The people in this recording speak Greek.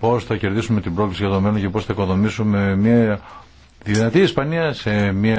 Πώ θα κερδίσουμε την πρόκληση για το μέλλον και πώ θα οικοδομήσουμε μια δυνατή Ισπανία σε μια